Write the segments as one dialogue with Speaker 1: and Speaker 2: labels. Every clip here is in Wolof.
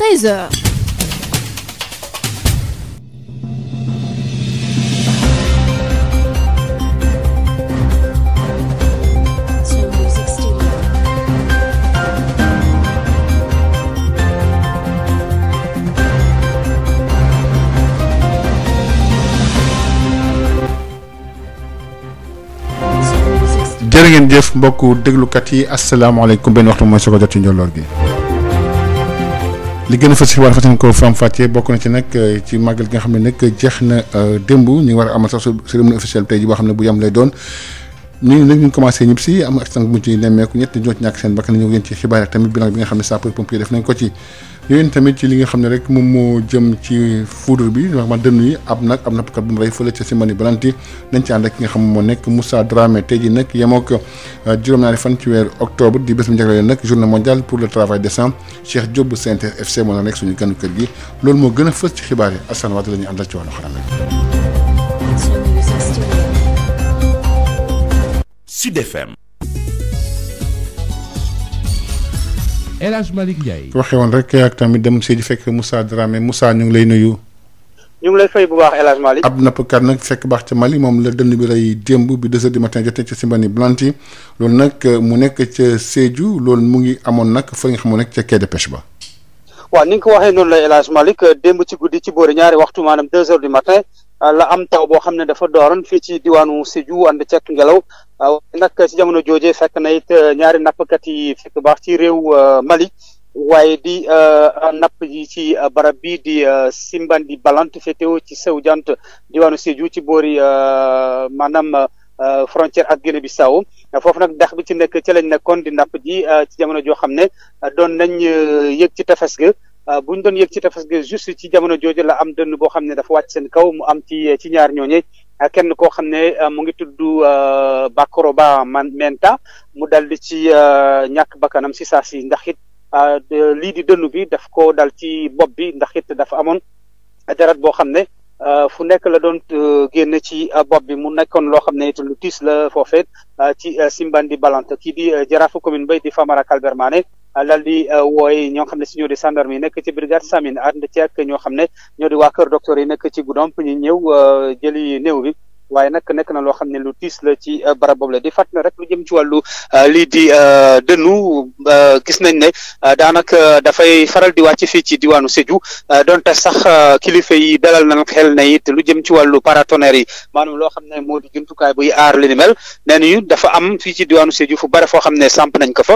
Speaker 1: 13
Speaker 2: ngeen jëf mbokku déglukat yi asalaamaaleykum benn waxtu mooy soo ko jot ci njolloor gi li gën a fës xibaar fas yéene ko faram fàccee bokk na ci nag euh, ci màggal gi nga xam ne nag euh, jeex na euh, démb ñu ngi war a amal sax cérémonie officielle tey ji boo xam ne bu yam lay doon ñu ngi ñu commencé ñëpp si am accident bu ci nemmeeku ñett ñoo ci ñàkk seen bakkan ñëw ngeen ci xibaar ak tamit bilan bi nga xam ne sapeur pompier def nañ ko ci yooyu tamit ci li nga xam ne rek moom moo jëm ci foudre bi wax dënn yi ab nag ab nappkat bu mu rey fële ca Simbani Balanti dañ ci ànd ak ki nga xam moo nekk musa Dramé tey ji nag yemook euh, juróom-ñaari fan ci weer octobre di bés bu njëkk nag journée mondiale pour le travail décent Cheikh Diop bu CNTS FC loolu moo gën a fës ci xibaar yi Assane Wade la ñuy àndal Sud FM. El Hadj Malick Ndiaye. waxee woon rek ak tamit dem si di fekk Moussa Dramé Moussa ñu ngi lay nuyu. ñu ngi lay fay bu baax El Hadj ab nappkat nag fekk baax ca Mali moom la dënn bi rey démb bi deux heures du matin jotee ca Simbani Blanty loolu nag euh, mu nekk ca Sédhiou loolu mu ngi amoon nag fa nga xamoon nekk ca quai de pêche ba.
Speaker 3: waaw ni nga ko waxee noonu la El Hadj Malick euh, démb ci guddi ci boori ñaari waxtu maanaam deux heures du matin euh, la am taw boo xam ne dafa dooroon fii ci diwaanu Sédhiou ànd ceeg ngelaw waaw nag jamono jooje fekk na it euh, ñaari nappkat yi fekk baax ci réew euh, Mali waaye di euh, napp yi ci barab bi di Simbandi Balant féetewoo ci sew jant diwaanu Sédhiou ci boori maanaam frontière ak Guinée Bissau foofu nag dex bi ci nekk ci lañ nekkoon di napp ji ci jamono joo xam ne doon nañ yëg ci tefes ga bu ñu doon yëg ci tefes ga juste ci jamono jooju la am dënn boo xam ne dafa wàcc seen kaw mu am ci ci ñaar ñooñe a kenn koo xam ne euh, mu ngi tudd euh, Bakoroba man Menta mu dal di ci euh, ñàkk bakkanam si saa si ndax it lii di dënnu bi daf ko dal ci bopp bi ndax it dafa amoon deret boo xam ne fu nekk la doon génn ci bopp bi mu nekkoon loo xam ne it lu tiis la foofeet ci Simbandi Balante kii di jaraafu commune bay di Famara Kalbermané daal di eh, wooy ñoo xam ne si ñoo di gendarme yi nekk ci brigade Samine ànd ci ak ñoo xam ne ñoo di waa kër docteur yi nekk ci Goudomp ñu ñëw eh, jëli néew bi waaye nag nekk na loo xam ne lu tiis la ci eh, barab boobu la di fàttali rek lu jëm ci wàllu lii di dënnu gis nañ ne daanaka dafay faral di wàcc fii ci diwaanu Sédhiou donte sax kilifa yi dalal na xel na it lu jëm ci wàllu paratonnerre yi maanaam loo xam ne moo di jumtukaay buy aar li nee nañu dafa am fii ci diwaanu Sédhiou fu bare foo xam ne samp nañ ko fa.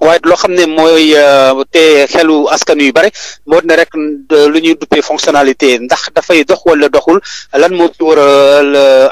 Speaker 3: waaye loo xam ne mooy euh, te xelu askan wi bare moo dina rek euh, lu ñuy duppee fonctionnalité ndax dafay dox wala doxul lan moo ci war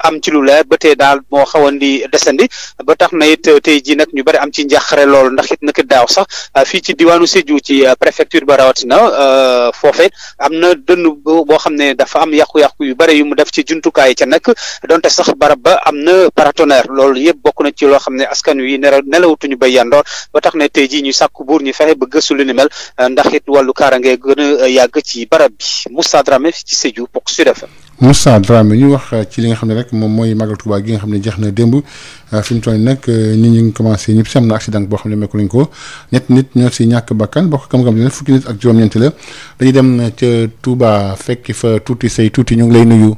Speaker 3: am ci lu leer ba tey daal moo xawoon di desandi ba tax na it tey jii nag ñu bëri am ci njàqare lool ndax it naka daaw sax euh, fii ci diwaanu Sédhiou ci préfecture ba rawatina foofe am na dënn boo xam ne dafa am yàqu-yàqu yu bëri yu mu def ci jumtukaay ca nag donte sax barab ba am na paratonnerre loolu yëpp bokk na ci loo xam ne askan wi nelawtuñu ba yandoor ba tax ne tey jii ñu sàkk buur ñu fexe ba gëstu lu ni mel ndax wàllu kaaraange gën a yàgg ci barab bi Moussa Dramé ci Sédhiou pour Sud FM.
Speaker 2: Moussa Dramé ñu wax ci li nga xam ne rek moom mooy Magal Touba gi nga xam ne jeex na démb euh, fi mu toll nii nag euh, ñi ñu ngi commencé ñëpp si am na accident boo xam ne mekku lañ ko ñett nit ñoo si ñàkk bakkan boo kam-kam ne fukki nit ak juróom-ñeent la dañuy dem ca Touba fekki fa tuuti say tuuti ñoo ngi lay nuyu.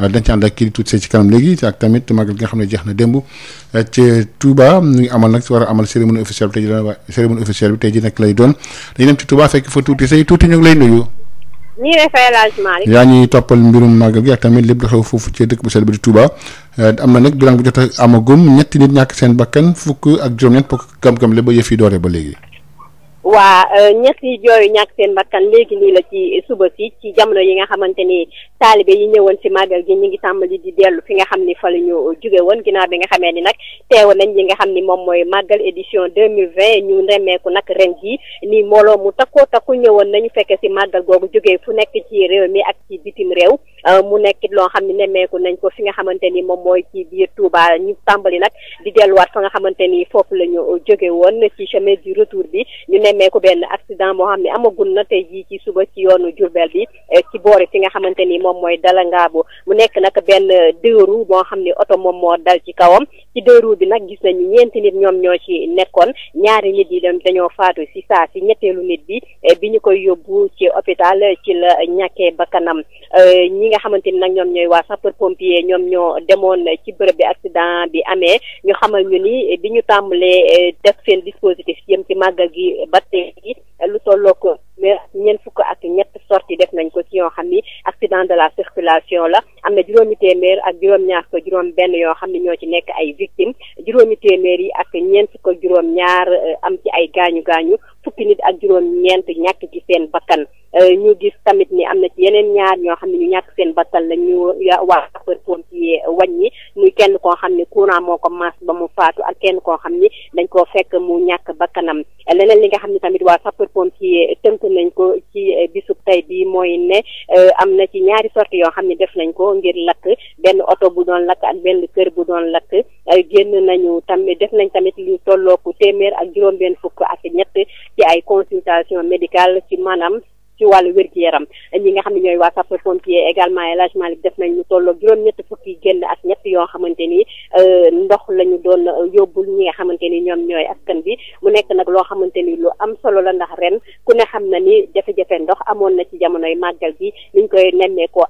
Speaker 2: Euh, dañ ci ànd ak kii tuuti ci kanam léegi ak tamit magal gi nga xam ne jeex na démb euh, ci Touba ñu ngi amal nag war a amal cérémonie officielle bi tey jii cérémonie tey jii nag lay doon dañu dem ci Touba fekk fa tuuti say tuuti ñu ngi lay nuyu.
Speaker 4: ñii yaa
Speaker 2: ñuy toppal mbirum màggal gi ak tamit lépp lu xew foofu ci dëkk bu sell bi di Touba euh, am na nag bilan bu jot a amagum ñetti nit ñàkk seen bakkan fukk ak juróom-ñett bokk gam-gam la ba yëf yi dooree ba léegi.
Speaker 4: waa euh, ñett yi jooyu ñàkk seen bakkan léegi nii la ci suba si ci jamono yi nga xamante ni taalibe yi ñëwoon ci màggal gi ñu ngi tàmbali di dellu fi nga xam ni fa la ñu jóge woon ginnaaw bi nga xamee ni nag teew nañ li nga xam ni moom mooy màggal édition deux mille vingt ñu remeeku nag ren ji nii mbooloo mu takkoo takku ñëwoon nañu fekk ci màggal googu jógee fu nekk ci réew mi ak ci bitim réew Euh, mu nekkit loo xam ne nemmeeku nañ ko fi nga xamante ni moom mooy ci biir Touba ñu tàmbali nag di delluwaat fa nga xamante ni foofu la ñu jóge woon ci chemin du retour bi ñu nemmeeku benn accident moo xam ne amagul na jii ci suba ci yoonu Diourbel bi eh, ci boori fi nga xamante ni moom mooy dalangaabu mu nekk nag benn deux moo xam ne oto moom moo dal ci kawam ci deux bi nag gis nañu ñeenti nit ñoom ñoo ci nekkoon ñaari nit yi dem dañoo faatu ci saa si ñetteelu nit bi eh, bi ñu koy yóbbu ci hôpital ci la ñàkkee bakkanam eh, ñi ñi nga xamante ni nag ñoom ñooy waa sapeur pompier ñoom ñoo demoon ci bërëb bi accident bi amee ñu xamal ñu ni bi ñu tàmbalee eh, def seen dispositif yëm ci màggal gi ba gi lu tollook mais ñeent fukk ak ñett sorti def nañ ko ci yoo xam ni accident de la circulation la am na juróomi téeméer ak juróom-ñaar ko juróom-benn yoo xam ne ñoo ci nekk ay victimes juróomi téeméer yi ak ñeent fukk juróom-ñaar eh, am ci ay gaañu gaañu fukki nit ak juróom-ñeent ñàkk ci seen bakkan. Euh, ñu gis tamit ni am na ci yeneen ñaar ñoo xam ne ñu ñàkk seen bakkan la ñu waa sapeur wañ wàññi muy kenn koo xam ne courant moo ko maas ba mu faatu ak kenn koo xam ni dañ koo fekk mu ñàkk bakkanam leneen li nga xam ne tamit waa sapeur pompier tënk nañ ko ci euh, bisub tey bi mooy ne euh, am na ci ñaari sorties yoo xam ne def nañ ko ngir lakk benn oto bu doon lakk ak benn kër bu doon lakk génn nañu tamit def nañ tamit lu tollooku téeméer ak juróom-benn fukk ak ñett ci ay consultation médicale ci maanaam ci wàllu wér-gu-yaram ñi nga xam ne ñooy waa sapeur pompier également El Hadj Malick def nañ lu tolloo juróom-ñett fukki génn ak ñett yoo xamante ni euh, ndox la ñu doon euh, yóbbul ñi nga xamante ni ñoom ñooy askan bi mu nekk nag loo xamante ni lu am solo la ndax ren ku ne xam na ni jafe-jafe ndox amoon na ci jamonoy màggal gi niñ koy nemmeekoo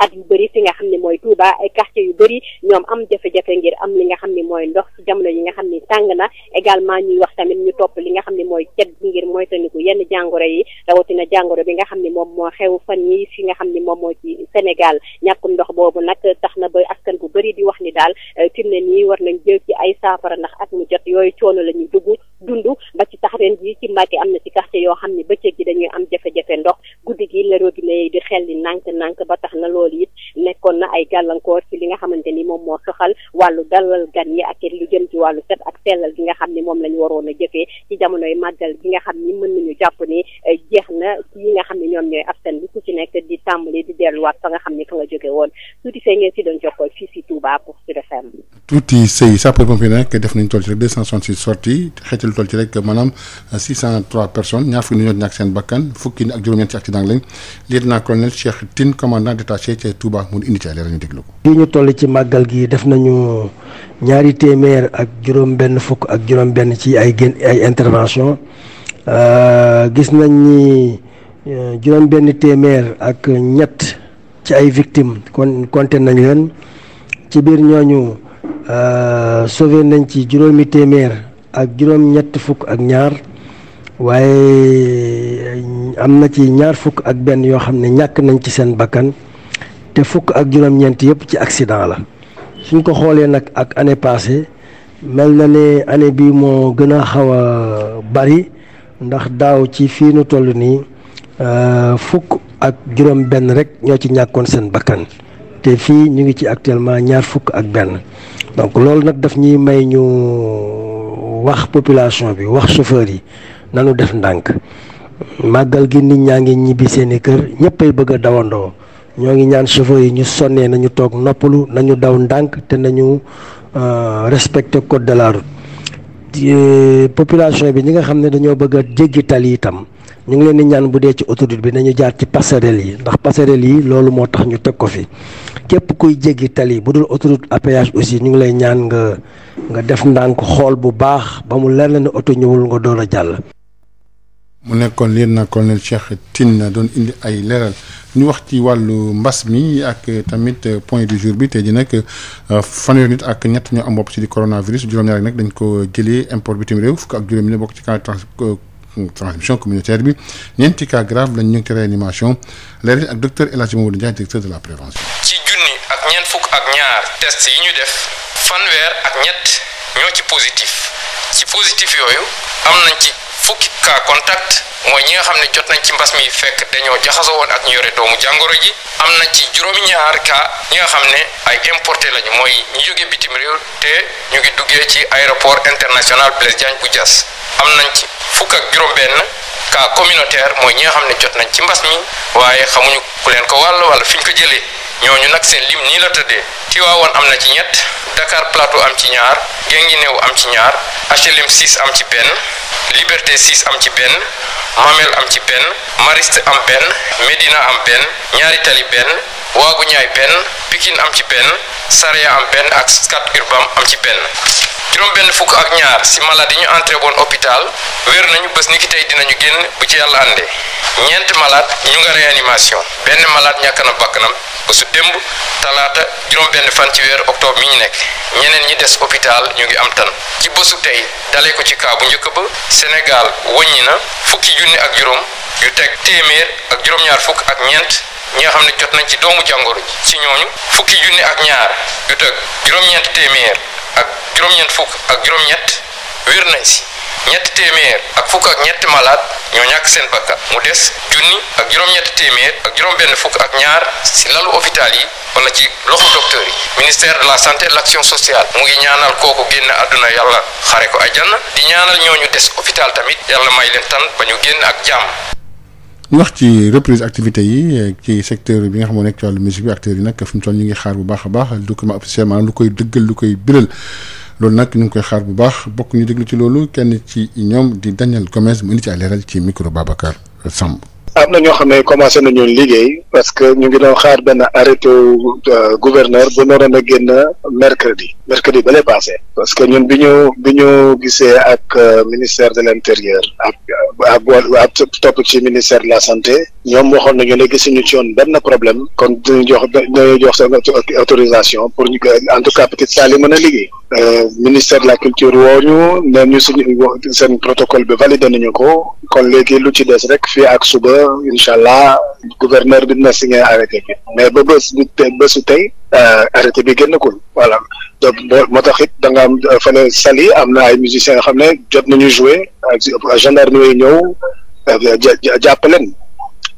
Speaker 4: at yu bëri fi nga xam ne mooy Touba ay quartier yu bëri ñoom am jafe-jafe ngir am li nga xam ni mooy ndox ci jamono yi nga xam ni tàng na également ñuy wax tamit ñu topp li nga xam ne mooy cet ngir ngir moytandiku yenn jàngoro yi rawatina jàngoro bi nga xam ni moom moo xew fan yi fi nga xam ni moom moo ci Sénégal ñàkkum ndox boobu nag tax na ba askan bu bëri di wax ni daal eh, fi na ne nii war nañ jël ci ay saafara ndax at mu jot yooyu coono la ñuy dugg dund ba ci tax ren ji ci yi am na ci quartier yoo xam ni bëccëg gi dañuy am jafe ndox guddi gi la robinet di xel li nànk nànk ba tax na lool it nekkoon na ay gàllankoor ci li nga xamante ni moom moo soxal wàllu dalal gan yi ak lu jëm ci wàllu set ak sellal gi nga xam ni moom la ñu waroon a jëfee ci jamonoy màggal gi nga xam ni mën nañu jàpp ni eh, jeex na yi nga xam ne ñoom ñooy askan bi ku ci nekk di tàmbali di delluwaat fa nga xam ni fa nga jóge woon di fee ngeen si doon jokkoo fii si Touba pour Sud FM
Speaker 2: tuuti sëy sapeur pompier nag def nañ toll ci rek deux cent soixante six sorties xeetalu toll ci rek maanaam six cent trois personnes ñaar fukki ni ñoo ñàkk seen bakkan fukki ni ak juróom-ñeent ci accident lañ lieutenant colonel Cheikh Tine commandant détaché ca ñu déglu ko.
Speaker 5: fii toll ci màggal gi def nañu ñaari téeméer ak juróom-benn fukk ak juróom-benn ci ay gén ay intervention euh, gis nañ ni euh, juróom-benn téeméer ak ñett ci ay victimes kon compté nañ leen ci biir ñooñu. Euh, sauvé nañ ci juróomi téeméer ak juróom ñett fukk ak ñaar waaye euh, am na ci ñaar fukk ak benn yoo xam ne ñàkk nañ ci seen bakkan te fukk ak juróom-ñeent yëpp ci accident la suñ ko xoolee nag ak année passée mel na ne année bi moo gën a xaw a bari ndax daaw ci fii nu toll nii euh, fukk ak juróom benn rek ñoo ci ñàkkoon seen bakkan te fii ñu ngi ci actuellement ñaar fukk ak benn donc loolu nag daf ñuy may ñu wax population bi wax chauffeur yi nanu def ndànk màggal gi nit ñaa ngi ñibbi seeni kër ñëppay bëgg a dawandoo ñoo ngi ñaan chauffeur yi ñu sonnee nañu toog noppalu nañu daw ndànk te nañu euh, respecté code de la route population bi ñi nga xam ne dañoo bëgg a jéggi tali itam ñu ngi leen di ñaan bu dee ci autoroute bi nañu jaar ci passerelle yi ndax passerelle yi loolu moo tax ñu teg ko fi képp kuy jéggi tali bu dul autoroute à péage aussi ñu ngi lay ñaan nga nga def ndànk xool bu baax ba mu leer la ne auto ñëwul nga doon a jàll.
Speaker 2: mu nekkoon lieutenant colonel tin na doon indi ay leeral ñu wax ci wàllu mbas mi ak tamit point de jour bi te ji nag euh, fanweer nit ak ñett ñoo am bopp ci di coronavirus juróom-ñaar yi nag dañ ko jëlee import bitim réew fukk ak juróom ne bokk transmission communautaire bi ñeenti cas grave lañ ñu ci réanimation léeg ak docteur El Hadji Mamadou Ndiaye directeur de la prévention. ci
Speaker 6: junni ak ñeent fukk ak ñaar test yi ñu def fanweer ak ñett ñoo ci positif ci positif yooyu am nañ ci fukki cas contact mooy ñi nga xam ne jot nañ ci mbas mi fekk dañoo jaxasoo woon ak ñu yore doomu jàngoro ji am na ci juróomi ñaar cas ñi nga xam ne ay importé lañu mooy ñu jógee bitim réew te ñu ngi duggee ci aéroport international Blaise Diagne bu Diass am nañ ci fukk ak juróom-benn cas communautaire mooy ñi nga xam ne jot nañ ci mbas mi waaye xamuñu ku leen ko wàll wala fi ñu ko jëlee ñooñu nag seen lim nii la tëddee Tiwaawoon am na ci ñett Dakar Plateau am ci ñaar Guinguinéo am ci ñaar HLM 6 am ci benn Liberté 6 am ci benn Mamel am ci benn Mariste am benn Médina am benn ñaari tali benn waagu ñaay benn pikin am ci benn Saraya am benn ak Scat Urbam am ci benn juróom benn fukk ak ñaar si malade yi ñu entré woon hôpital wér nañu bés ni ki tey dinañu génn bu ci yàlla àndee ñeent malade ñu nga réanimation benn malade ñàkk na bakkanam bésu démb talaata juróom benn fan ci weer octobre mi ñu nekk ñeneen ñi des hôpital ñu ngi am tan ci bésu tey dalee ko ci kaabu njëkk ba Sénégal waññi na fukki junni ak juróom yu teg téeméer ak juróom-ñaar ak ñeent ñi nga xam ne jot nañ ci doomu jàngoro ji ñooñu fukki junni ak ñaar yu teg téeméer ak juróom fukk ak juróom-ñett nañ si ñett téeméer ak fukk ak ñett malaat ñoo ñàkk seen bakkan mu des junni ak juróom-ñett téeméer ak juróom-benn fukk ak ñaar si lalu hôpital yi wala ci loxo docteur yi ministère de la santé et de l'action sociale mu ngi ñaanal kooku génn àdduna yàlla xare ko àjjana di ñaanal ñooñu des hôpital tamit yàlla may leen tan ba ñu génn ak jàmm
Speaker 2: ñu wax ci reprise activité yi ci secteur bi nga xam moo nekk ci wàllu musique bi acteurs yi nag fi mu toll ñu ngi xaar bu baax a baax document lu koy dëggal lu koy biral loolu nag ñu ngi koy xaar bu baax bokk ñu déglu ci loolu kenn ci ñoom di Daniel Gomez mu indi ci ay leeral ci micro Babacar Samb.
Speaker 7: am na ñoo xam ne commencé nañu liggéey parce que ñu ngi doon xaar benn arrêté euh, gouverneur bu naroon a génn mercredi. mercredi ba lay passé parce que ñun bi ñu bi ñu gisee ak euh, ministère de l' intérieur ak euh, ak ak topp ci ministère de la santé ñoom waxoon nañu ne ñu ci woon benn problème kon duñu jox dañoo jox sa autorisation pour ñu en tout cas petite salle yi mën a liggéey euh, ministère de la culture woo ñu ne ñu suñu seen protocole bi validé nañu ko kon léegi lu ci des rek fii ak suba incha allah gouverneur bi dina signé arrêté bi mais ba bés bi bésu tey Euh, arrêté bi génnagul voilà donc moo tax it da nga am euh, fële Saly am na ay musiciens yoo xam ne jot nañu jouer gendarmerie ñëw euh, jàpp leen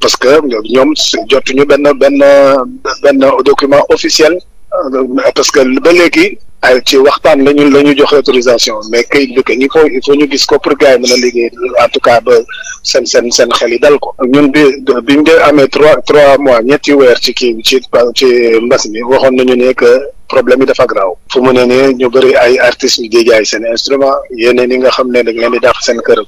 Speaker 7: parce que ñoom jotuñu benn ben benn document officiel parce que ba léegi ay ci waxtaan lañu la ñu joxe autorisation mais kayit bi que il faut ñu gis ko pour gars yi mën a liggéey en tout cas ba seen seen seen xel yi dal ko ñun bi bi ñu amee trois trois mois ñetti weer ci kii ci ci mbas mi waxoon nañu ne que problème yi dafa graaw fu mu ne nii ñu bëri ay artistes yi di jaay seen instrument yeneen yi nga xam ne dañ leen di dàq seen kër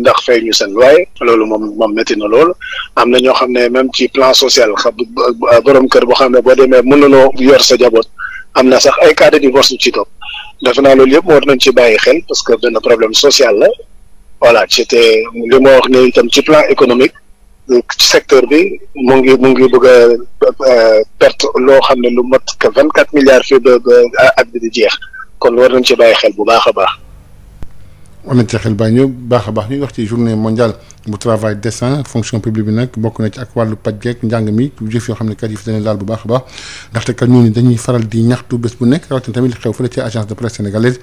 Speaker 7: ndax fay ñu seen waaye loolu moom moom métti na loolu am na ñoo xam ne même ci plan social xa borom kër boo xam ne boo demee mënuloo yor sa jaboot am na sax ay cas de divorce yu ci topp defe naa loolu yëpp war nañ ci bàyyi xel parce que benn problème social la voilà c' était li ma wax ne itam ci plan économique secteur bi mu ngi mu ngi bëgg a euh, perte loo xam ne lu mot que vingt quatre milliards fi ba ba bi di jeex kon war nañ ci bàyyi xel bu baax a baax.
Speaker 2: am na ci xel baa ñu baax a baax ñuy wax ci journée mondiale. bu travail décent fonction bokk na ci ak wàllu ne kat yi fi a baax ndaxte kat di ñaxtu bés bu nekk rawatina tamit li xew fële ci agence de presse sénégalaise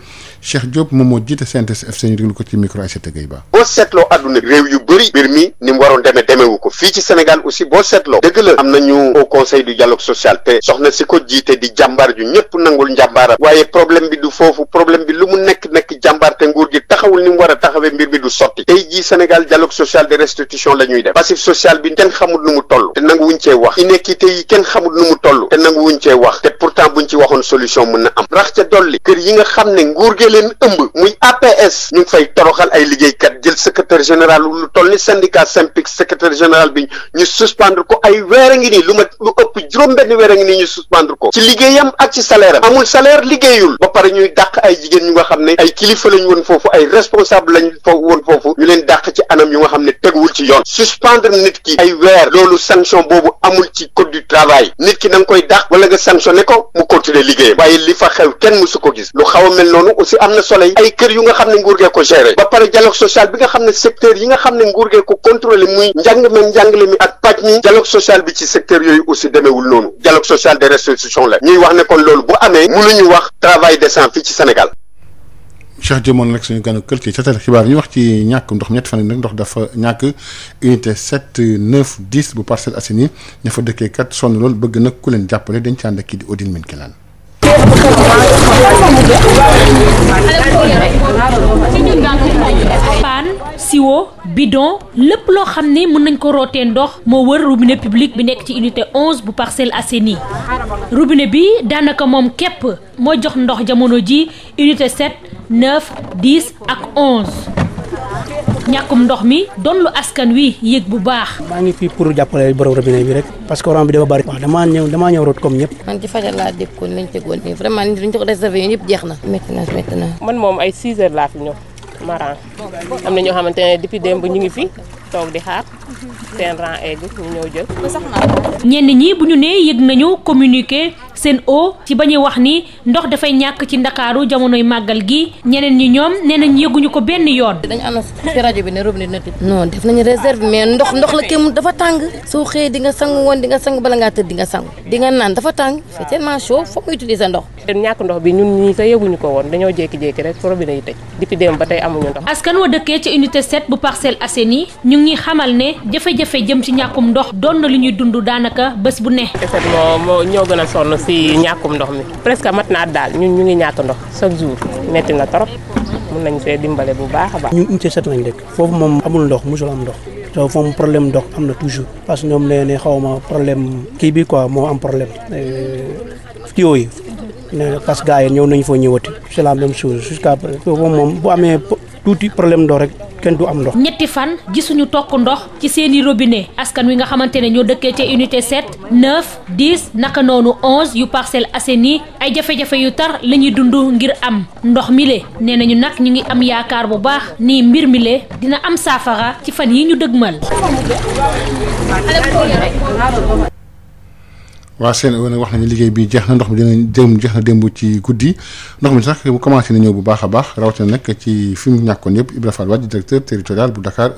Speaker 2: ko ci micro Aïssata Gueye Ba
Speaker 8: boo seetloo àdduna réew yu bëri mbir mi ni mu waroon demee demeewu ko fii ci Sénégal aussi boo seetloo dëgg la am nañu au conseil du dialogue social te soxna si ko jiite di jàmbaar ju ñëpp nangul njàmbaara waaye problème bi du foofu problème bi lu mu nekk nekk jàmbaar te nguur gi taxawul ni mu war a taxawee mbir mi du sotti tey jii Sénégal dialogue social social de restitution la ñuy def passif social bi kenn xamul nu mu toll te nangu wuñ cee wax inéquité yi kenn xamul nu mu toll te nangu wuñ cee wax te pourtant buñ ci waxoon solution mën na am rax ca dolli kër yi nga xam ne nguur gee leen ëmb muy APS ñu ngi fay toroxal ay liggéeykat jël secrétaire général lu toll ni syndicat SYNPICS secrétaire général bi ñu suspendre ko ay weer a ngi nii lu ma ëpp juróom-benn weer a ngi nii ñu suspendre ko ci liggéeyam ak ci salaire am amul salaire ba pare ñuy dàq ay jigéen ñu xam ne ay kilifa lañ woon foofu ay responsable lañ woon foofu ñu leen dàq anam yu xam xam ne tegwul ci yoon suspendre nit ki ay weer loolu sanction boobu amul ci code du travail nit ki da nga koy dax wala nga sanctionné ko mu continuer liggéeyam waaye li fa xew kenn musu ko gis lu xaw a mel noonu aussi am na solo ay kër yu nga xam ne nguur gee ko géré ba pare dialogue social bi nga xam ne secteur yi nga xam ne nguur gee ko contrôlé muy njàng men njàngale mi ak pàcc mi dialogue social bi ci secteur yooyu aussi demeewul noonu dialogue social de la ñuy wax ne kon loolu bu amee mënuñu wax travail décent fii ci Sénégal
Speaker 2: Cheikh jëmoon nag suñu ganu kër ci catal ñu wax ci ñàkk ndox ñetti fan yi nag ndox dafa ñàkk unité 7 9 10 bu Parcelles Assainies ña fa dëkkee kat sonn lool bëgg nag ku leen jàppale dañ ci ànd ak kii di Odile Mine Kelane
Speaker 9: paan siwo bidon lépp loo xam ne mën nañ ko rootee ndox moo wër robinet public bi nekk ci unité 11 bu Parcelles Assainies robinet bi daanaka moom képp mooy jox ndox jamono ji unité 7 9 10 ak 11 ñàkkum ndox mi doon lu askan wi yëg bu
Speaker 1: baax.
Speaker 3: maa ngi fii pour jàppale borom robinet bi rek parce que courant bi dafa bari. waaw damaa ñëw damaa ñëw root comme ñëpp. man
Speaker 1: ci fajar laa déggoon lañ tegoon nii vraiment nit ñi ko réservé yëpp jeex na.
Speaker 3: métti na
Speaker 1: man moom ay 6 heures laa fi ñëw Maran am na ñoo xamante ne depuis démb ñu ngi fi toog di xaar. seen rang egg ñu ñëw jël.
Speaker 9: ñenn ñi bu ñu nee yëg nañu communiqué seen o ci ba ñuy wax ni ndox dafay ñàkk ci ndakaaru jamonoy màggal gi ñeneen ñi ñoom nee nañ yëguñu ko benn yoon. dañu annoncé ci rajo bi ne robinet na tëj.
Speaker 1: non def nañu réserve mais ndox ndox la kenn dafa tàng. soo xëyee di nga sangu woon di nga sangu bala ngaa tëdd di nga sangu di nga naan dafa tàng c'est tellement chaud foog nga utiliser ndox. ñàkk ndox bi ñun ñii sa yëguñu ko woon dañoo jékki-jékki rek robinet yi tëj depuis démb ba tey
Speaker 9: jafe-jafe jëm ci ñàkkum ndox doon na lu ñuy dund daanaka bés bu ne. deset
Speaker 1: moo moo ñoo gën a sonn si ñàkkum ndox mi presque mat naa daal ñu ñu ngi ñàkk ndox chaque jour metti na trop mun nañ see dimbale bu baax a baax. ñun
Speaker 3: unité sept lañ dëkk foofu moom amul ndox musul am ndox. te foofu problème ndox am na toujours parce que ñoom nee ne xaw ma problème kii bii quoi moo am problème euh, tuyaux yi. parce que gars ñëw nañ foo ñëwati c'est la même chose jusqu'à foofu moom bu amee tuuti problème ndox rek kenn du am ndox.
Speaker 9: ñetti fan gisuñu tokk ndox ci seeni robinet askan wi nga xamante ne ñoo dëkkee ci unité 7 9 10 naka noonu 11 yu Parcelles ni ay jafe-jafe yu tar lañuy ñuy dund ngir am ndox mile nee nañu nag ñu ngi am yaakaar bu baax ni mbir mile dina am saafara ci fan yi ñu dëgmal.
Speaker 2: waa CNO nag wax nañu liggéey bi jeex na ndox mi dinañ jëm jeex na démb ci guddi ndox mi sax bu commencé na ñëw bu baax a baax rawatina nag ci fi mu ñàkkoon yëpp Ibrahima Fall Wade directeur territorial bu Dakar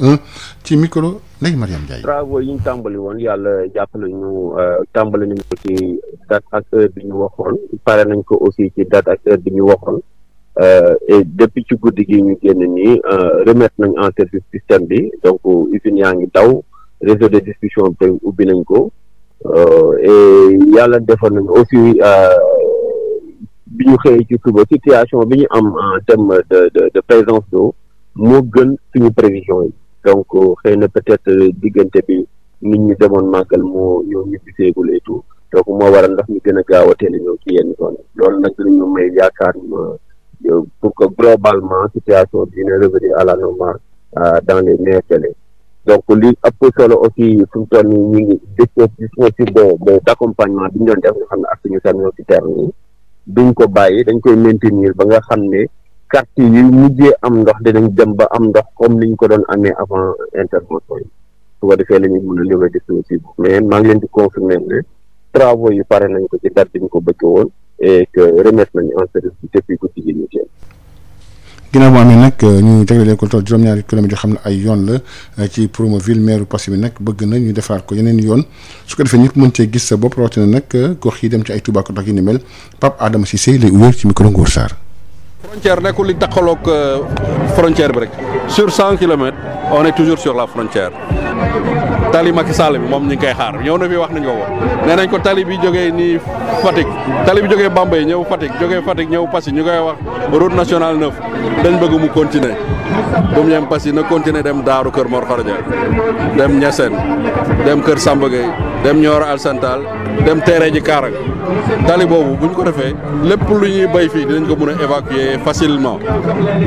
Speaker 2: ci micro Ndeye Mariam Ndiaye.
Speaker 10: travaux yi ñu tàmbali woon yàlla jàpp nañu euh, tàmbali nañu ko ci date ak heure bi ñu waxoon pare nañ ko aussi ci date ak heure bi ñu waxoon euh, et depuis ci guddi gi ñu génn nii euh, remettre nañ en service système bi donc usine yaa ngi daw réseau ubbi nañ ko. Euh, et yàlla defoon nañu aussi euh, bi ñu xëyee ci suba situation bi ñu am en terme de de de moo gën suñu prévision yi donc euh, xëy na peut-être diggante bi nit ñu demoon màggal moo ñëw ñu giseegul et tout donc moo waral ndax mi gën a gaaw a teel a ñëw ci yenn zone loolu nag dañu may yaakaar pour ko globalement situation dina revenir à la normale dans les meilleurs délais donc li ëpp solo aussi fu mu toll nii ñu ngi dispositif de de d' accompagnement def nga xam ne ak suñu camion ci terre yi duñ ko bàyyi dañ koy maintenir ba nga xam ne quartier yi mujjee am ndox dinañ dem ba am ndox comme li ñu ko doon amee avant intervention yi su ko defee la ñuy mën a livrer dispositif mais maa ngi leen di confirmer ne travaux yi pare nañ ko ci date bi ko bëgg woon et que remettre nañu en service bi depuis guddi gi ñu
Speaker 2: ginnaaw bu amee nag euh, ñu jagleel tool juróom-ñaari kilomètres yoo xam ne ay yoon la euh, ci Promoville maire Passy bi nag bëgg na ñu defaat ko yeneen yoon su ko defee ñëpp mën gis sa bopp rawatina nag euh, gox yi dem ci ay Toubacouta ak yu ni mel Pape Adama Cissé lay wër ci micro Ngor Sarr.
Speaker 11: nekkul li taxaloog frontière bi rek. sur 100 kilomètres on est toujours sur la frontière tali Macky Sall bi moom ñu ngi koy xaar na fi wax nañ ko ko nee nañ ko tali bi jogee ni Fatick tali bi jógee Bambey ñëw Fatick jógee Fatick ñëw Passy ñu koy wax route nationale 9 dañ bëgg mu continuer bu mu yem Passy na continuer dem Daaru Kër Mor Khorodia dem Niassène dem Kër Samba Gueye dem Nioro Alsantal dem Tere ji Kaarang tali boobu buñ ko defee lépp lu ñuy béy fii dinañ ko mën a évacuer facilement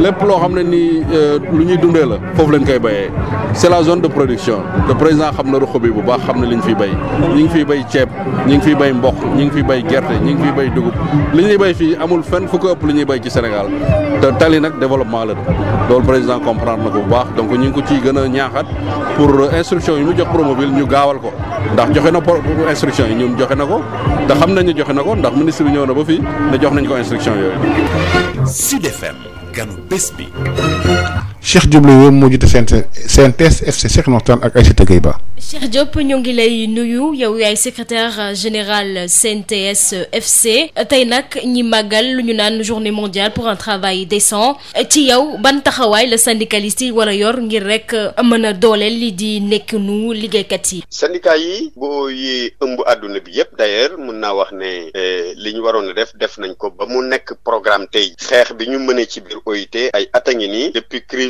Speaker 11: lépp loo xam ne euh, ñuy dundee la foofu lañ koy béyee c'est la zone de production le président xam na ruxu bi bu baax xam na li ñu fiy béy ñi ngi fiy béy ceeb ñi ngi fiy bay mboq ñi ngi fiy bay gerte ñi ngi fiy bay dugub li ñuy bay fii amul fen fu ko ëpp li ñuy bay ci Sénégal te tali nag développement la loolu président comprendre na ko bu baax donc ñu ngi ko ci gën a ñaaxat pour instruction yi mu jox Promoville ñu gaawal ko ndax joxe na instruction yi ñoom joxe na ko te xam nañu joxe na ko ndax ministre bi ñëw na ba fii ne jox nañ ko instruction yooyu Sud FM ganu bés bi
Speaker 2: Cheikh Diop la yow moo jiite CNTS FC Cheikh Noxtaan ak Aïssata Gueye Ba.
Speaker 9: Cheikh Diop ñu ngi lay nuyu yow yaay secrétaire général CNTS FC tey nag ñi màggal lu ñu naan journée mondiale pour un travail décent ci yow ban taxawaay la syndicaliste yi war a yor ngir rek mën a dooleel li di nekk nu liggéeykat yi. syndicat yi
Speaker 8: boo yi ëmb àdduna bi yëpp d'ailleurs mun naa wax ne eh, li ñu waroon a def def nañ ko ba mu nekk programme tey xeex bi ñu mënee ci biir OIT ay at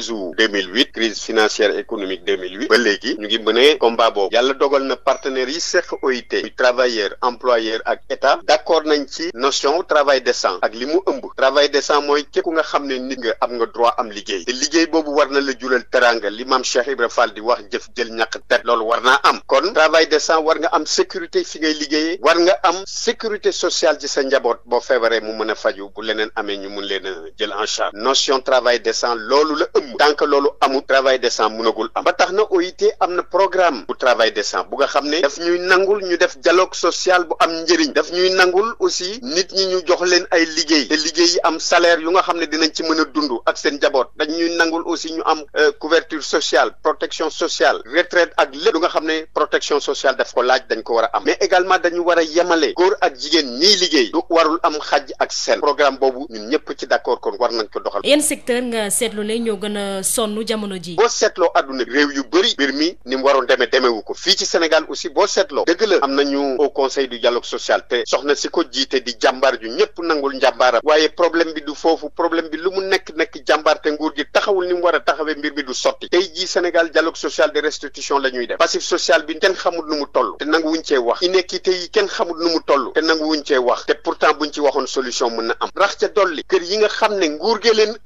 Speaker 8: crise wu 2008 crise financière économique 2008 ba léegi ñu ngi mënee combat boobu yàlla dogal na partenaires yi seq OIT muy travailleur employeur ak état d'accord nañ ci notion travail décent ak li mu ëmb travail décent mooy képp nga xam ne nit nga am nga droit am liggéey te liggéey boobu war na la jural teranga li maam Cheikh Ibra Fall di wax jëf jël ñàkk pet loolu war am kon travail décent war nga am sécurité fi ngay liggéeyee war nga am sécurité sociale ci sa njaboot boo feebaree mu mën a faju bu leneen amee ñu mun leen a jël en charge notion travail jëmm tant loolu amul travail décent mënagul am ba tax na OIT am na programme bu travail décent bu nga xam ne daf ñuy nangul ñu def dialogue social bu am njëriñ daf ñuy nangul aussi nit ñi ñu jox leen ay liggéey te liggéey yi am salaire yu nga xam ne dinañ ci mën a dund ak seen jaboot dañ nangul aussi ñu am euh, couverture sociale protection sociale retraite ak lépp lu nga xam ne protection sociale daf ko laaj dañ ko war a am mais également dañu war a yemale góor ak jigéen ñiy liggéey du warul am xaj ak seen programme boobu ñun ñëpp ci d'accord kon war nañ ko doxal.
Speaker 9: yan gën a sonn jamono ji boo seetloo àdduna réew yu bëri mbir mi ni mu waroon demee
Speaker 8: demeewu ko fii ci Sénégal aussi boo seetloo dëgg la am nañu au conseil du dialogue social te soxna si ko jiite di jàmbaar ju ñëpp nangul njàmbaaram waaye problème bi du foofu problème bi lu mu nekk nekk jàmbaar te nguur gi taxawul ni mu war a taxawee mbir mi du sotti tey jii Sénégal dialogue social de restitution la ñuy def passif social bi kenn xamul nu mu toll te nangu wuñ cee wax inéquité yi kenn xamul nu mu toll te nangu wuñ cee wax te pourtant buñ ci waxoon solution mën na am rax ca dolli yi nga xam ne nguur gee leen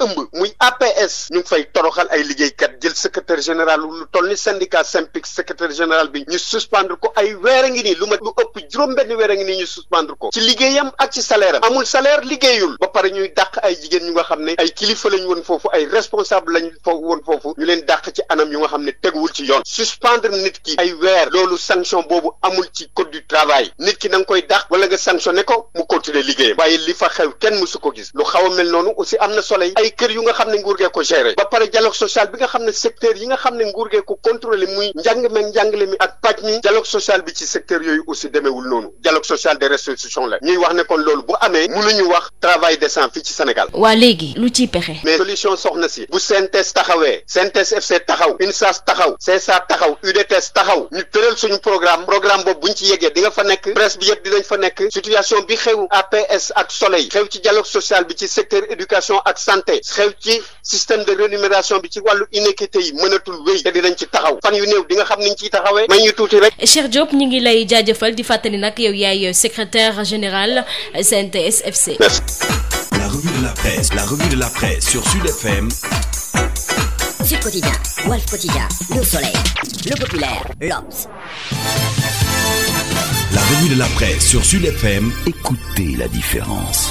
Speaker 8: dafay toroxal ay liggéeykat jël secrétaire général lu toll ni syndicat SYNPICS secrétaire général bi ñu suspendre ko ay weer a ngi nii lu ma lu ëpp juróom-benn weer a ngi nii ñu suspendre ko ci liggéeyam ak ci salaire am amul salaire liggéeyul ba pare ñuy dàq ay jigéen ñu nga xam ne ay kilifa lañ woon foofu ay responsable lañ foofu ñu leen dàq ci anam yu nga xam ne teguwul ci yoon suspendre nit ki ay weer loolu sanction boobu amul ci code du travail ki na ko mu continuer liggéeyam waaye li fa xew kenn mësu ko a mel pare dialogue social bi nga xam ne secteur yi nga xam ne nguur gee ko contrôlé muy njàng meeg njàngale mi ak paj mi dialogue social bi ci secteur yooyu aussi demeewul noonu dialogue social de restitution la ñuy wax ne kon loolu bu amee mënuñu wax travail décent fii ci Sénégal.
Speaker 9: waa léegi lu ciy pexe.
Speaker 8: mais solution soxna si bu CNTS taxawee CNTS FC taxaw INSAS taxaw CSA taxaw UDTS taxaw ñu tëral suñu programme programme boobu buñ ci yeggee di nga fa nekk presse bi yëpp dinañ fa nekk situation bi xew APS ak Soleil xew social bi ci secteur éducation ak santé xew ci système de rémunération bi ci wàllu inéquité yi mënatul ci taxaw fan néew di nga xam niñ ciy taxawee
Speaker 9: may ñu tuuti rek. Cheikh Diop ngi lay jaajëfal di fàttali nag yow yaay secrétaire général
Speaker 4: CNTS FC.
Speaker 12: La revue de la presse, sur Sud Le Soleil, Le La écoutez
Speaker 3: la différence.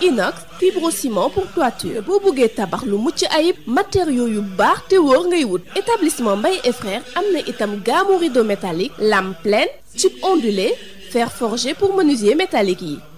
Speaker 1: inox fibrociment pour toiture boo bëggee tabax lu mucc ayib matériaux yu baax te wóor ngay wut établissement Mbaye et am na itam gamme rideau métallique lame pleine tube ondulé fer forgé pour menuisier métallique yi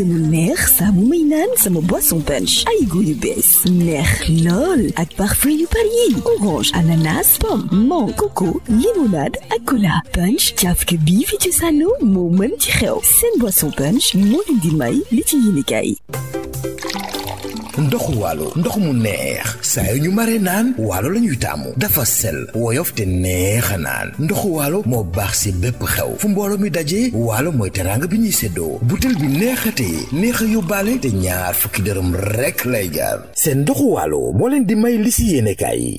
Speaker 1: gën a neex sa bu may naan sama boisson punch ay goût yu bees neex lool ak parfum yu bari orange ananas pomme mangue coco limonade ak cola punch cafka bii fi
Speaker 12: ci sànno moo mën ci xew seen boisson punch moo leen di may li ci yéene kaay ndoxu waalo ndox mu neex saa yu ñu mare naan waalo lañuy taamu dafa sel woyof te neex a naan ndoxu waalo moo baax si bépp xew fu mbooloo mi dajee waalo mooy teraanga bi ñuy séddoo butel bi neexatee neex a yóbbaale te ñaar fukki dërëm rekk lay jaar seen ndoxu waalo moo leen di may li si yéenekaay yi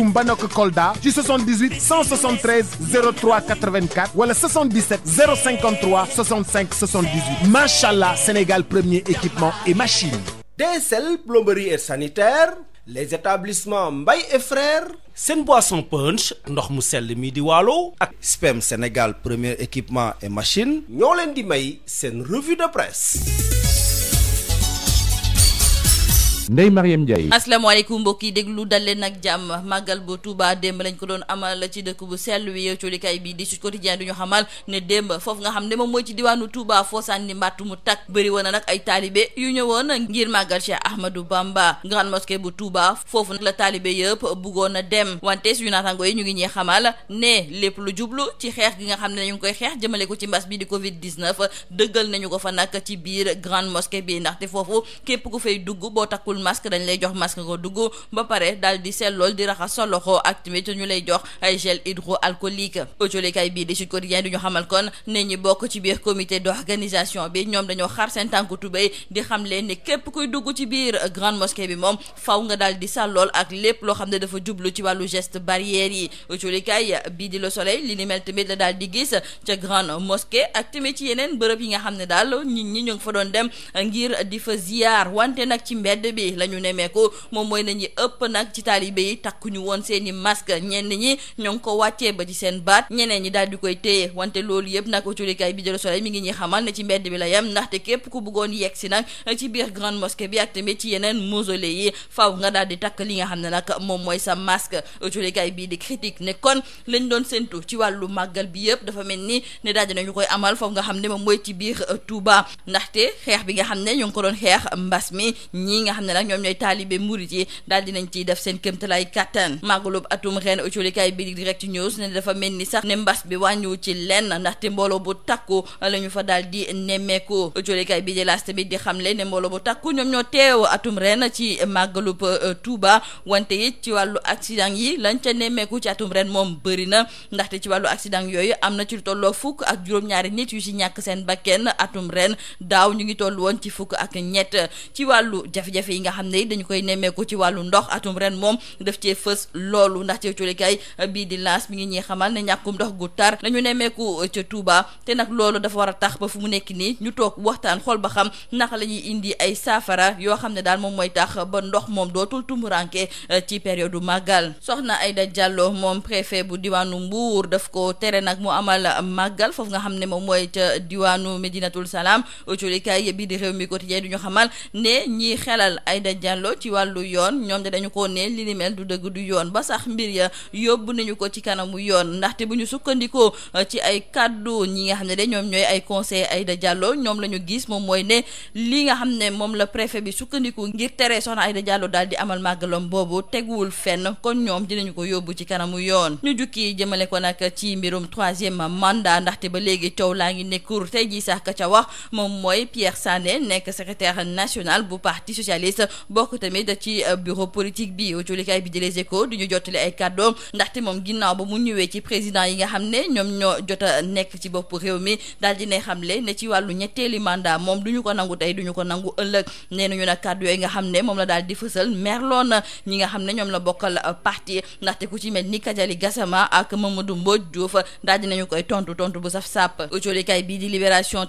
Speaker 12: Matam Banok Kolda ci 78 173 03 84 wala 77 053 65 78 macha allah Sénégal premier équipement et machine.
Speaker 5: DSL plomberie et sanitaire. les établissements mbay et frères seen boisson punch ndox mu sell mii di waalo ak SPEM Sénégal premier équipement et machine ñoo leen di may seen
Speaker 11: revue de presse Ndeye Mariam Ndiaye
Speaker 13: asalaamaaleykum mbokk yi déglu dal leen ak jàmm màggal bu Touba démb lañ ko doon amal ci dëkk bu sell wi coolikaay bi di Sud Quotidien du ñu xamal ne démb foofu nga xam ne moom mooy ci diwaanu Touba foo sànni mbàtt mu takk bëri woon na nag ay yu ñëwoon ngir màggal Cheikh Ahmadou Bamba grande mosquée bu Touba foofu nag la taalibe yëpp buggoon a dem wante suñu naataango yi ñu ngi ñuy xamal ne lépp lu jublu ci xeex gi nga xam ne ñu ngi koy xeex jëmale ko ci mbas bi di Covid 19 dëggal nañu ko fa nakk ci biir grande mosquée bi ndax ndaxte foofu képp ku fay dugg boo takkul amul masque dañ lay jox masque nga dugg ba pare daal di sellool di raxas sa loxo ak tamit ñu lay jox ay gel hydroalcoolique autolikaay bii di Sud Quotidien du ñu xamal kon ne ñi bokk ci biir comité d'organisation bi ñoom dañoo xar seen tànku tubéy di xam leen ni képp koy dugg ci biir grande mosquée bi moom faw nga daal di sallool ak lépp loo xam ne dafa jublu ci wàllu geste barrière yi autolikaay bii di la Soleil li ni mel tamit la daal di gis ca grande mosquée ak tamit ci yeneen bërëb yi nga xam ne daal nit ñi ñu ngi fa doon dem ngir di fa wante nag ci mbedd bi yi la ñu nemmeeku moom mooy nañu ëpp nag ci taalibe yi takkuñu woon seen i masque ñi ñoo ngi ko wàccee ba ci seen baat ñeneen ñi daal di koy téye wante loolu yëpp nag autolikaay bi jël soleil mi ngi ñuy xamal ne ci mbedd bi la yem ndaxte képp ku bëggoon yegg si nag ci biir grande mosquée bi ak tamit ci yeneen mausolée yi faaw nga daal di takk li nga xam ne nag moom mooy sa masque autolikaay bii di critique ne kon lañ doon séntu ci wàllu màggal bi yëpp dafa mel ni ne daal dinañu koy amal foofu nga xam ne moom mooy ci biir Touba ndaxte xeex bi nga xam ne ñu ngi ko doon ne nag ñoom ñooy taalibe murit yi daal dinañ ciy def seen këmtalaay kattan màggalub atum ren autolikaay bi di direct news ne dafa mel ni sax ne mbas bi wàññiwu ci lenn ndaxte mbooloo bu takku la ñu fa daal di nemmeeku autolikaay bi di laas tamit di xamle ne mbooloo bu takku ñoom ñoo teew atum ren ci màggalub euh, Touba wante it ci wàllu accident yi lañ ca nemmeeku ci atum ren moom bëri na ndaxte ci wàllu accident yooyu am na ci lu tolloo fukk ak juróom-ñaari nit yu ci ñàkk seen bakken atum ren daaw ñu ngi toll woon ci fukk ak ñett ci wàllu jafe yi yi nga xam ne dañu koy nemmeeku ci wàllu ndox atum ren moom def cee fës loolu ndax ci culikaay bii di laas mi ngi ñii xamal ne ñàkkum ndox gu tar lañu nemmeeku ca Touba te nag loolu dafa war a tax ba fu mu nekk nii ñu toog waxtaan xool ba xam naka la ñuy indi ay saafara yoo xam ne daal moom mooy tax ba ndox moom dootul tumuranke euh, ci période màggal soxna Aïda Diallo moom préfet diwaanu Mbour daf ko tere nag mu amal màggal foofu nga xam ne moom mooy ca diwaanu Médinatul Salaam culikaay bii xelal Aïda jàlloo ci wàllu yoon ñoom de dañu ko nee li du dëgg du yoon ba sax mbir ya yóbbu nañu ko ci kanamu yoon ndaxte bu ñu sukkandikoo euh, ci ay kàddu ñi nga xam ne de ñoom ñooy ay conseil Aïda Diallo ñoom la ñu gis moom mooy ne li nga xam ne moom la préfet bi sukkandiku ngir tere soxna Aïda Diallo daal di amal màggalam boobu teguwul fenn kon ñoom dinañu ko yóbbu ci kanamu yoon ñu jukki jëmale ko nag ci mbirum troisième mandat ndaxte ba léegi coow laa ngi nekkur tey jii sax ko ca wax moom mooy Pierre Sané nekk secrétaire Thiès bokk tamit ci euh, bureau politique bi julikaay bi di les échos du ñu jottali ay kàddoom ndaxte moom xam ne ñoom ñoo jot a nekk ci bopp réew mi daal di ne xamle ne ci wàllu ñetteeli mandat moom du ko nangu tey du ko nangu ëllëg nee nañu nag kàddu yooyu nga xam ne moom la daal di fësal merloo na nga xam ne ñoom la bokkal euh, parti ndaxte ku ci mel ni Kajali Gassama ak Mamadou Mbodj Diouf daal di nañu koy tontu tontu bu saf sàpp julikaay bii di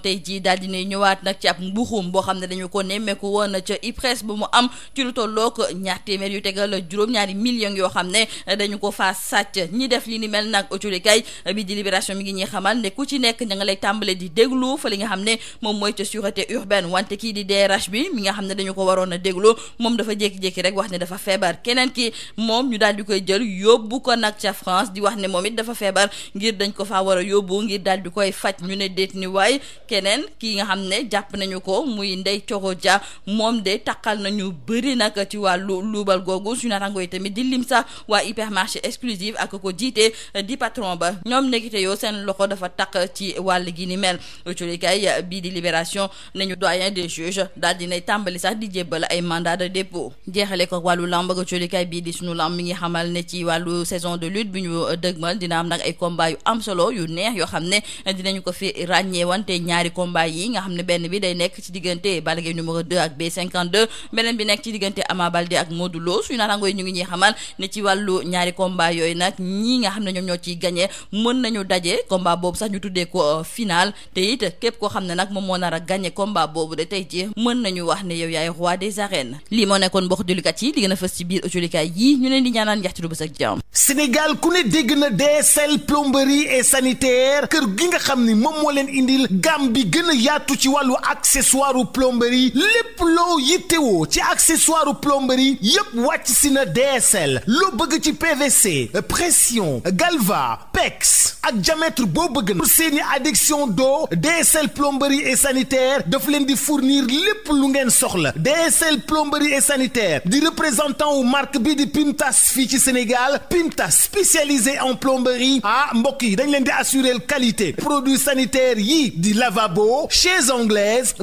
Speaker 13: tey jii daal ne ñëwaat nag ci ab mbuxum boo xam ne dañu ko nemmeeku woon ca IPRES bu mu am ci lu tolloog ñaar téeméer yu tegal juróom-ñaari millions yoo xam ne dañu ko faa sàcc ñi def li ni mel nag autolikay bi di mi ngi ñuy xamal ne ku ci nekk ña nga lay tàmbale di déglu fa li nga xam ne moom mooy ca sûreté urbaine wante kii di DRH bi mi nga xam ne dañu ko waroon a déglu moom dafa jékki-jékki rek wax ne dafa feebar keneen ki moom ñu daal di koy jël yóbbu ko nag ca di wax ne moom it dafa feebar ngir dañ ko faa war a yóbbu ngir daal di koy faj ñu ne déet ni waay keneen ki nga xam ne jàpp nañu ko muy Ndey Coro Dia moom de taqal na ñu bëri nag ci wàllu luubal googu suñu naataango yi tamit di lim sax waa hypermarché exclusive ak ko jiite di patron ba ñoom nekkite yow seen loxo dafa taq ci wàll gi ni mel colikay bii di libération nañu doyen des juges daal dinay tàmbali sax di jébbal ay mandat de dépôt jeexale ko wàllu lamb ak colikay bii di suñu lamb mi ngi xamal ne ci wàllu saison de lutte bi ñu dëgmal dina am nag ay combat yu am solo yu neex yoo xam ne dinañu ko fi ràññeewante ñaari combat yi nga xam ne benn bi day nekk ci diggante Balla Gaye numéro beneen bi nekk ci diggante Ama Baldé ak Lo suñu naataangoo ñu ngi ñuy xamal ne ci wàllu ñaari combat yooyu nag ñii nga xam ne ñoom ñoo ciy gagné mën nañu daje combat boobu sax ñu tuddee ko euh, final te it képp koo xam ne nag moom moo nar a gagné combat boobu de tey jii mën nañu wax ne yow yaay roi des arènes lii moo nekkoon mbokk jullikat yi li gën a fës ci biir jullikat yi ñu leen di ñaanaan njaxtidu bés ak jàmm
Speaker 12: Sénégal ku ne dégg na DSL plomberie et sanitaire kër gi nga xam ni moom moo leen indil gam bi gën a yaatu ci wàllu accessoire plomberie lépp loo yittewoo ci accessoire plomberie yépp wàcc si na DSL loo bëgg ci PVC pression galva pex ak diamètre boo bëgg na pour seeni adduction d'eau DSL plomberie et sanitaire daf leen di fournir lépp lu ngeen soxla DSL plomberie et sanitaire di représentant wu marque bi di Pimtas fii ci Sénégal Pimtas spécialisé en plomberie ah mbokk yi dañ leen di assurer qualité produit sanitaires yi di lavabo chaises anglaises